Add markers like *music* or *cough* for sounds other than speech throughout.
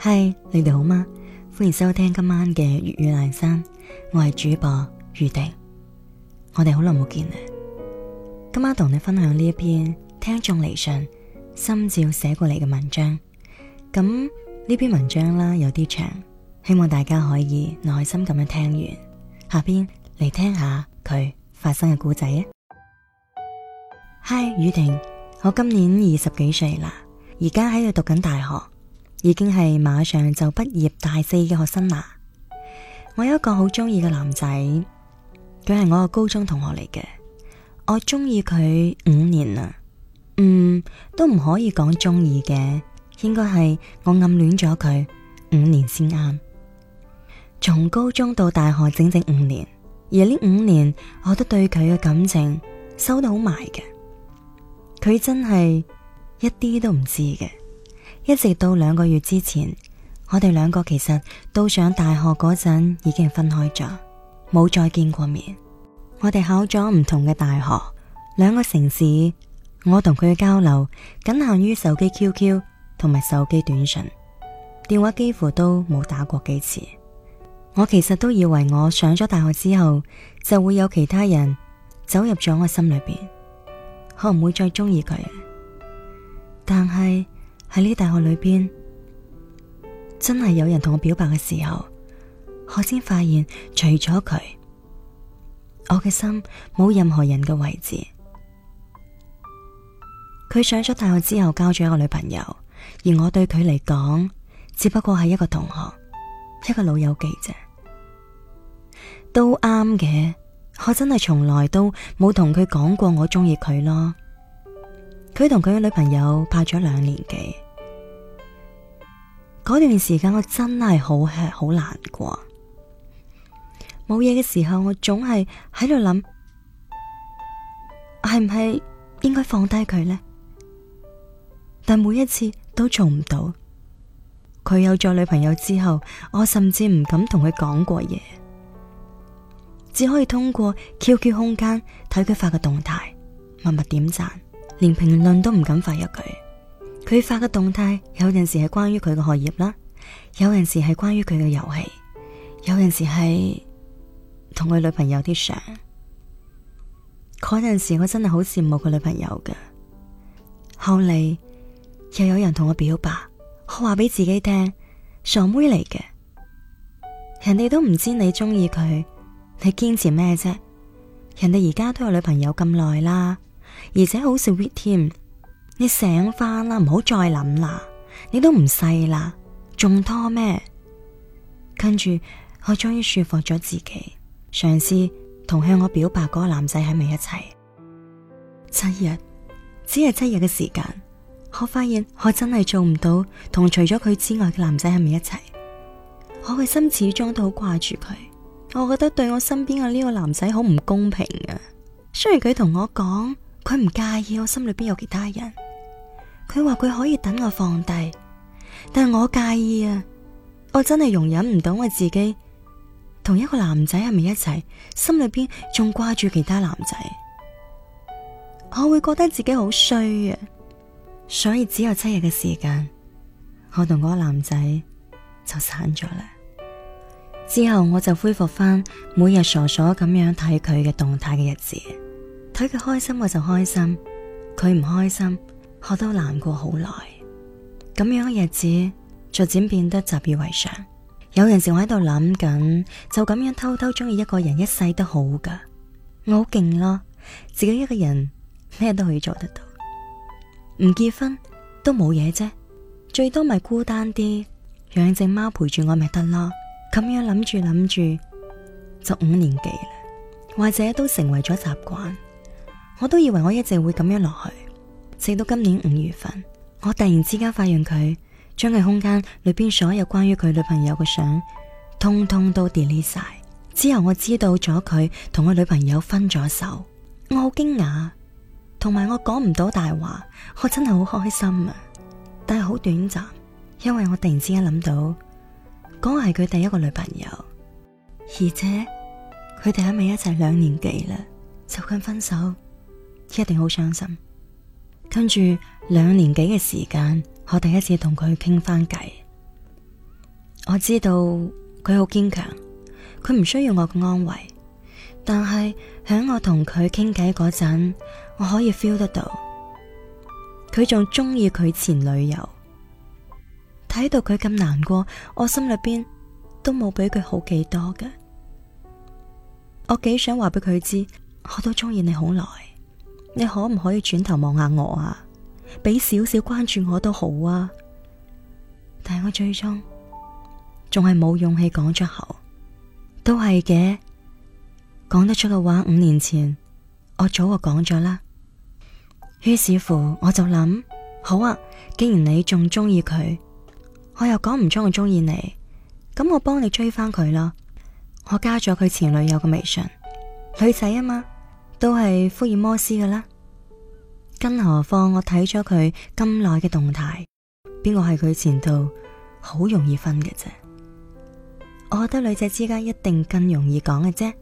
嗨，Hi, 你哋好嗎？歡迎收聽今晚嘅粵語南山，我係主播雨婷，我哋好耐冇見啦。今晚同你分享呢一篇聽眾嚟信、心照寫過嚟嘅文章。咁呢篇文章啦，有啲長，希望大家可以耐心咁樣聽完。下邊嚟聽下佢發生嘅故仔啊！嗨，雨婷，我今年二十幾歲啦，而家喺度讀緊大學。已經係馬上就畢業大四嘅學生啦，我有一個好中意嘅男仔，佢係我個高中同學嚟嘅，我中意佢五年啦，嗯，都唔可以講中意嘅，應該係我暗戀咗佢五年先啱。從高中到大學整整五年，而呢五年我都對佢嘅感情收得好埋嘅，佢真係一啲都唔知嘅。一直到兩個月之前，我哋兩個其實到上大學嗰陣已經分開咗，冇再見過面。我哋考咗唔同嘅大學，兩個城市，我同佢嘅交流僅限於手機 QQ 同埋手機短信，電話幾乎都冇打過幾次。我其實都以為我上咗大學之後就會有其他人走入咗我心裏邊，我唔會再中意佢，但係，喺呢大學裏邊，真係有人同我表白嘅時候，我先發現除咗佢，我嘅心冇任何人嘅位置。佢上咗大學之後交咗一個女朋友，而我對佢嚟講，只不過係一個同學，一個老友記啫。都啱嘅，我真係從來都冇同佢講過我中意佢咯。佢同佢嘅女朋友拍咗兩年幾，嗰段時間我真係好吃好難過。冇嘢嘅時候，我總係喺度諗，係唔係應該放低佢呢？但每一次都做唔到。佢有咗女朋友之後，我甚至唔敢同佢講過嘢，只可以通過 QQ 空間睇佢發嘅動態，默默點讚。連評論都唔敢發一句。佢發嘅動態有陣時係關於佢嘅學業啦，有陣時係關於佢嘅遊戲，有陣時係同佢女朋友啲相。嗰陣時我真係好羨慕佢女朋友嘅。後嚟又有人同我表白，我話俾自己聽：傻妹嚟嘅，人哋都唔知你中意佢，你堅持咩啫？人哋而家都有女朋友咁耐啦。而且好 sweet 添，你醒返啦，唔好再諗啦。你都唔細啦，仲拖咩？跟住我終於說服咗自己，嘗試同向我表白嗰個男仔喺咪一齊。七日，只係七日嘅時間，我發現我真係做唔到同除咗佢之外嘅男仔喺咪一齊。我嘅心始終都好掛住佢，我覺得對我身邊嘅呢個男仔好唔公平啊。雖然佢同我講，佢唔介意，我心裏邊有其他人。佢話佢可以等我放低，但係我介意啊！我真係容忍唔到我自己同一個男仔喺埋一齊，心裏邊仲掛住其他男仔，我會覺得自己好衰啊！所以只有七日嘅時間，我同嗰個男仔就散咗啦。之後我就恢復翻每日傻傻咁樣睇佢嘅動態嘅日子。睇佢開心我就開心，佢唔開心我都難過好耐。咁樣嘅日子逐漸變得習以為常。有陣時我喺度諗緊，就咁樣偷偷中意一個人一世都好噶。我好勁咯，自己一個人咩都可以做得到。唔結婚都冇嘢啫，最多咪孤單啲，養隻貓陪住我咪得咯。咁樣諗住諗住，就五年幾啦，或者都成為咗習慣。我都以為我一直會咁樣落去，直到今年五月份，我突然之間發現佢將佢空間裏邊所有關於佢女朋友嘅相，通通都 delete 晒。之後我知道咗佢同我女朋友分咗手，我好驚訝，同埋我講唔到大話，我真係好開心啊！但係好短暫，因為我突然之間諗到，嗰個係佢第一個女朋友，而且佢哋係咪一齊兩年幾啦，就咁分手，一定好傷心。跟住兩年幾嘅時間，我第一次同佢傾翻偈。我知道佢好堅強，佢唔需要我嘅安慰。但係喺我同佢傾偈嗰陣，我可以 feel 得到佢仲中意佢前女友。睇到佢咁難過，我心裏邊都冇俾佢好幾多嘅。我幾想話俾佢知，我都中意你好耐。你可唔可以轉頭望下我啊？俾少少關注我都好啊。但係我最終仲係冇勇氣講出口。都係嘅，講得出嘅話五年前我早就講咗啦。於是乎我就諗，好啊，既然你仲中意佢，我又講唔出我中意你，咁我幫你追翻佢咯。我加咗佢前女友嘅微信，女仔啊嘛。都係福爾摩斯嘅啦，更何況我睇咗佢咁耐嘅動態，邊個係佢前度好容易分嘅啫？我覺得女仔之間一定更容易講嘅啫。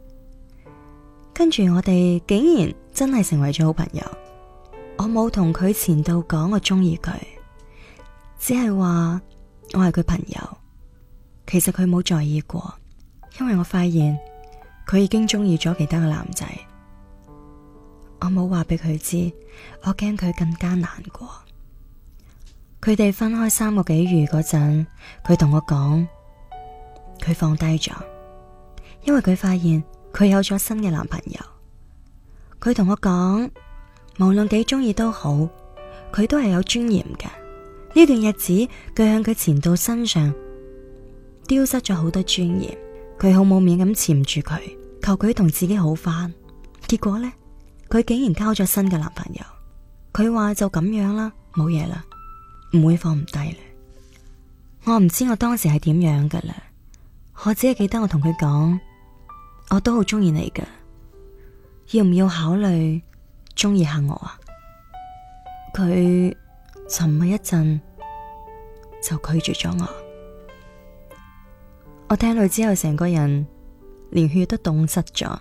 跟住我哋竟然真係成為咗好朋友。我冇同佢前度講我中意佢，只係話我係佢朋友。其實佢冇在意過，因為我發現佢已經中意咗其他嘅男仔。我冇話俾佢知，我驚佢更加難過。佢哋分開三個幾月嗰陣，佢同我講，佢放低咗，因為佢發現佢有咗新嘅男朋友。佢同我講，無論幾中意都好，佢都係有尊嚴嘅。呢段日子，佢向佢前度身上丟失咗好多尊嚴，佢好冇面咁纏住佢，求佢同自己好返。結果呢？佢竟然交咗新嘅男朋友，佢話就咁樣啦，冇嘢啦，唔會放唔低啦。我唔知我當時係點樣噶啦，我只係記得我同佢講，我都好中意你噶，要唔要考慮中意下我啊？佢沉默一陣，就拒絕咗我。我聽到之後，成個人連血都凍失咗。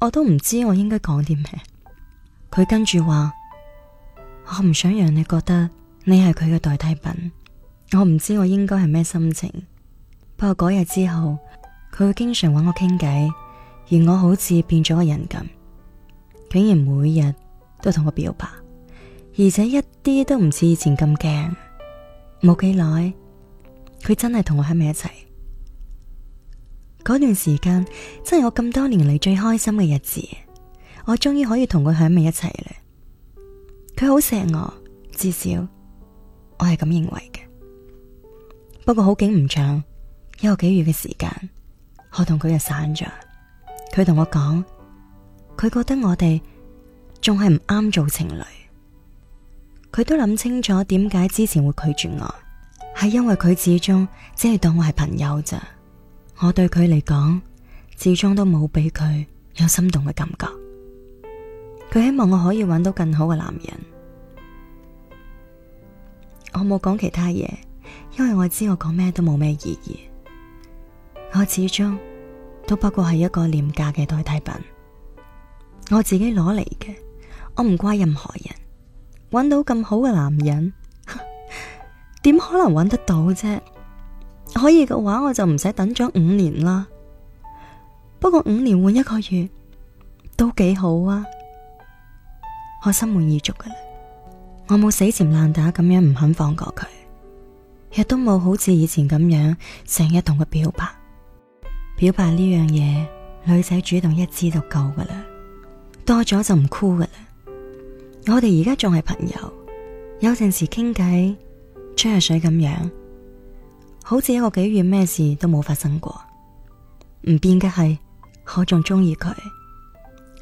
我都唔知我應該講啲咩，佢跟住話我唔想讓你覺得你係佢嘅代替品，我唔知我應該係咩心情。不過嗰日之後，佢會經常揾我傾偈，而我好似變咗個人咁，竟然每日都同我表白，而且一啲都唔似以前咁驚。冇幾耐，佢真係同我喺埋一齊。嗰段時間真係我咁多年嚟最開心嘅日子，我終於可以同佢響埋一齊咧。佢好錫我，至少我係咁認為嘅。不過好景唔長，一個幾月嘅時間，我同佢就散咗。佢同我講，佢覺得我哋仲係唔啱做情侶。佢都諗清楚點解之前會拒絕我，係因為佢始終只係當我係朋友咋。我對佢嚟講，始終都冇俾佢有心動嘅感覺。佢希望我可以揾到更好嘅男人，我冇講其他嘢，因為我知我講咩都冇咩意義。我始終都不過係一個廉價嘅代替品，我自己攞嚟嘅，我唔怪任何人。揾到咁好嘅男人，點 *laughs* 可能揾得到啫？可以嘅話，我就唔使等咗五年啦。不過五年換一個月都幾好啊，我心滿意足噶啦。我冇死纏爛打咁樣唔肯放過佢，亦都冇好似以前咁樣成日同佢表白。表白呢樣嘢，女仔主動一次就夠噶啦，多咗就唔 cool 噶啦。我哋而家仲係朋友，有陣時傾偈，吹下水咁樣。好似一個幾月咩事都冇發生過，唔變嘅係我仲中意佢。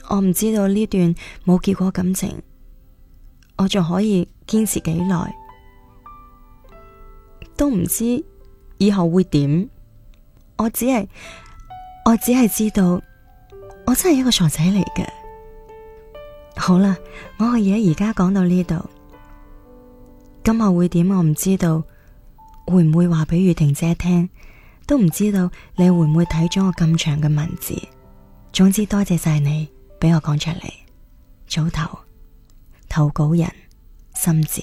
我唔知道呢段冇結果感情，我仲可以堅持幾耐，都唔知以後會點。我只係我只係知道，我真係一個傻仔嚟嘅。好啦，我嘅嘢而家講到呢度，今後會點我唔知道。會唔會話俾宇婷姐聽？都唔知道你會唔會睇咗我咁長嘅文字。總之多謝晒你，俾我講出嚟。早唞投，投稿人心照。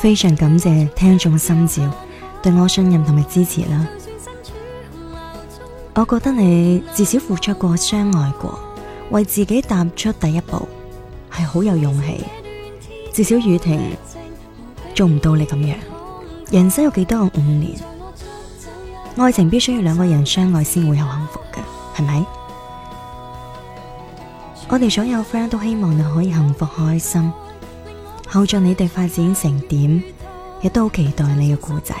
非常感謝聽眾心照對我信任同埋支持啦，我覺得你至少付出過、相愛過，為自己踏出第一步係好有勇氣，至少宇婷做唔到你咁樣。人生有幾多個五年？愛情必須要兩個人相愛先會有幸福嘅，係咪？ *music* 我哋所有 friend 都希望你可以幸福開心，後續你哋發展成點，亦都好期待你嘅故仔。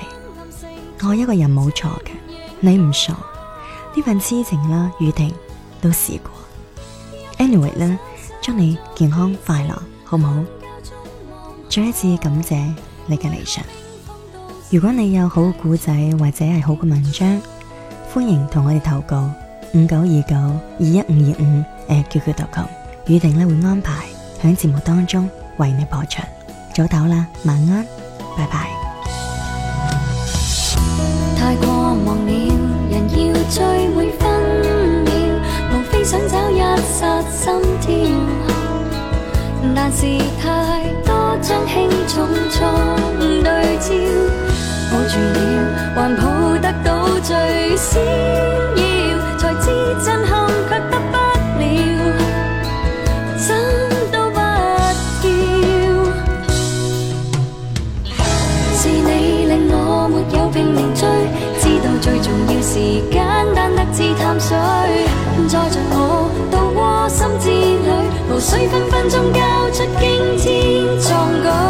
愛一個人冇錯嘅，你唔傻，呢份痴情啦，雨婷都試過。Anyway 咧，祝你健康快樂，好唔好？再一次感謝你嘅來信。如果你有好故仔或者係好嘅文章，歡迎同我哋投稿五九二九二一五二五，誒，q 佢投稿，預定咧會安排喺節目當中為你播出。早唞啦，晚安，拜拜。太過忙了，人要分秒，無非想找一剎心跳但是太多張無需分分鐘交出驚天壯舉。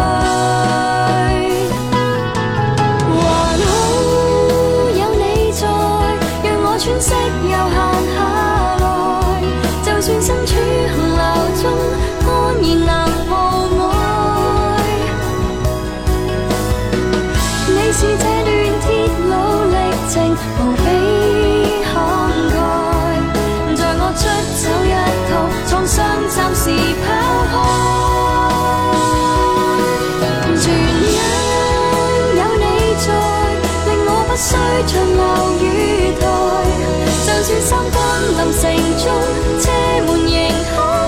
長流雨台，就算三軍臨城中，車門仍開。